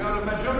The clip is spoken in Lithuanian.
We are a majority.